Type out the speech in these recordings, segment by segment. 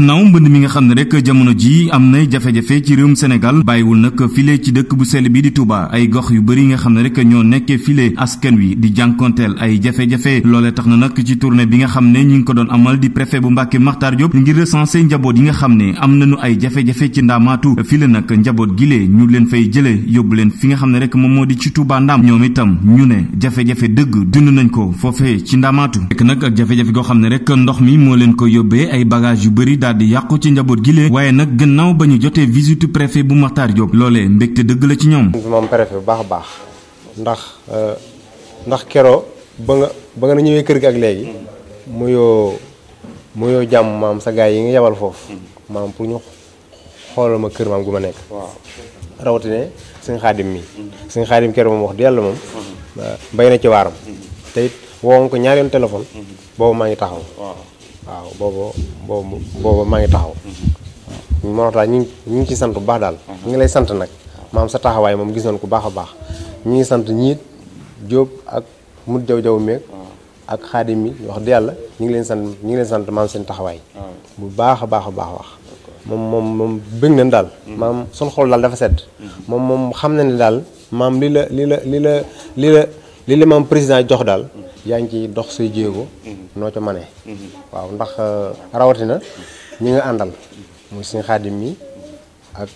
gannaaw mbënd mi nga xam ne rek jamono ji am na jafe-jafe ci réewum Sénégal bàyyiwul nag file ci dëkk bu sell bi di Touba ay gox yu bëri nga xam ne rek ñoo nekkee file askan wi di jànkonteel ay jafe-jafe tax na nag ci tournée bi nga xam ne ñi ngi ko doon amal di préfet bu Mbàkke Makhtar Diop ngir recenser njaboot yi nga xam ne am nañu ay jafe-jafe ci ndaamaatu file nag njaboot gilee ñu leen fay jëlee yóbbu leen fi nga xam ne rek moom moo di ci Touba Ndam ñoom itam ñu ne jafe-jafe dëgg dund nañ ko foofee ci ndaamaatu fekk nag ak jafe-jafe goo xam ne rek ndox mi moo leen ko yóbbee ay bagage yu bëri daal di yàqu ci njaboot gi lee waaye nag gannaaw ba ñu jotee visite préfet bu Makhtar Diop loolee mbégte dëgg la ci ñoom. moom préfet bu baax a baax ndax euh, ndax keroo ba nga ba nga ñëwee kër gi ak léegi muyoo muyoo jàmm maam sa gaay yi nga yabal foofu maam pour ñu xoolal ma kër maam gu ma nekk. rawatina sëñ xaadim mi sëñ xaadim keroo moom wax di yàlla moom. Mm-hmm. Euh, bay na ci waaram. Mm-hmm. te it ko ñaari yoon mm-hmm. boobu maa ngi taxaw. waaw boobu boobu boobu maa ngi taxaw. Mm-hmm. moo tax ñu ngi ñu ngi ci sant bu baax daal. Mm-hmm. ñu ngi lay sant nag maam sa taxawaay moom gis nañ ko baax a baax ñu ngi sant ñiit Jóob ak mut jaw jaw meeg. Mm-hmm. ak xaadim mi wax dëgg yàlla ñu ngi leen sant ñu ngi leen sant maam seen taxawaay. bu baax a baax a baax wax. moom moom moom bëgg nañ daal. maam sun xol daal dafa sedd. moom moom xam na ni daal maam li la li la li la li la li la maam président jox daal. yaa ngi ciy dox say jéego. noo ca manee mm-hmm. waaw ndax euh, rawatina ñi nga àndal muy suñu xaadim mi ak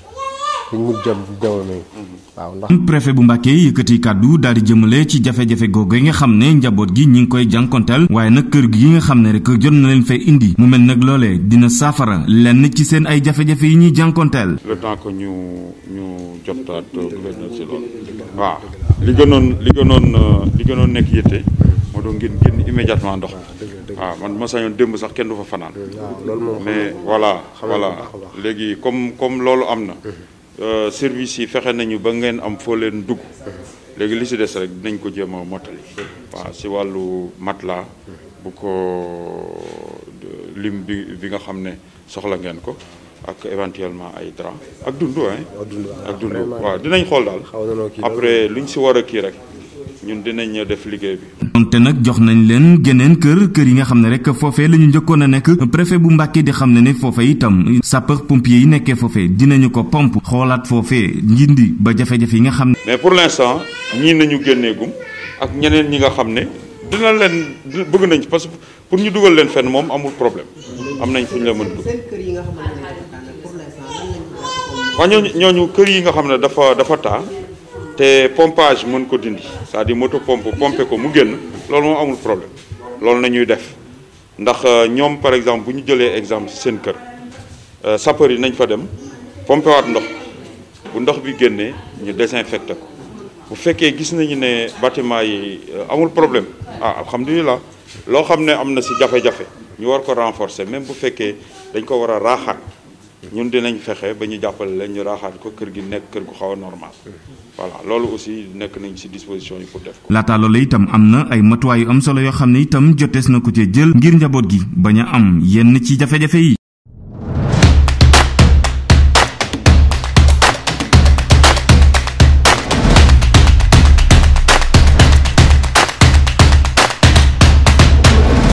mm-hmm. waaw ndax. préfet bu Mbàkke yëkkati kàddu daal di jëmale ci jafe-jafe googu yi nga xam ne njaboot gi ñi ngi koy jànkonteel waaye nag kër gi nga xam ne rek jot na leen fay indi mu mel nag loolee dina saafara lenn ci seen ay jafe-jafe yi ñuy jànkonteel. ñu ñu jotaat gouverneur li gënoon li gënoon euh, li gënoon nekk yitte moo doon génn immédiatement ndox waaw ah, man ma sañoon démb sax kenn du fa fanaan. mais voilà voilà léegi comme comme loolu am na. Mhm. Euh, service yi fexe nañu ba ngeen am foo leen dugg. Mhm. léegi lu si des rek dinañ ko jéem a mottali. waaw si wàllu matelas. bu ko lim bi bi nga xam ne soxla ngeen ko. ak éventuellement ay drap ak dundu ah. ak dundu waaw dinañ xool daal. après luñ si war a kii rek. ñun dinañ ñëw def liggéey bi. donte nag jox nañ leen geneen kër kër yi nga xam ne rek foofe la ñu njëkkoon a nekk préfet bu Mbàkke di xam ne ne foofee itam sapeur pompier yi nekkee foofee dinañu ko pomp xoolaat foofee njindi ba jafe-jafe yi nga xam ne. mais pour l'instant ñii nañu génneegum ak ñeneen ñi nga xam ne dina leen bëgg nañ ci parce pour ñu dugal leen fen moom amul problème am nañ fu ñu la mën dugg. seen kër yi ne ñooñu kër yi nga xam ne dafa taa te pompage mën ko dindi cest di dire moto pompe pompe ko mu génn loolu moom amul problème loolu na ñuy def ndax euh, ñoom par exemple bu ñu jëlee exemple si seen kër euh, sapeur yi nañ fa dem pompe waat ndox bu ndox bi génnee ñu désinfecté ko bu fekkee gis nañu ne bâtiment yi euh, amul problème ah alhamdulilah loo xam ne am na si jafe-jafe ñu war ko renforcer même bu fekkee dañ ko war a raaxaat ñun dinañ fexe ba ñu jàppale leen ñu raaxaat ko kër gi nekk kër gu xaw a normal voilà loolu aussi nekk nañ ci disposition yi pour def ko. laataa loolu itam am na ay matuwaay yu am solo yoo xam ne itam jotees na ko cee jël ngir njaboot gi ba ña am yenn ci jafe-jafe yi.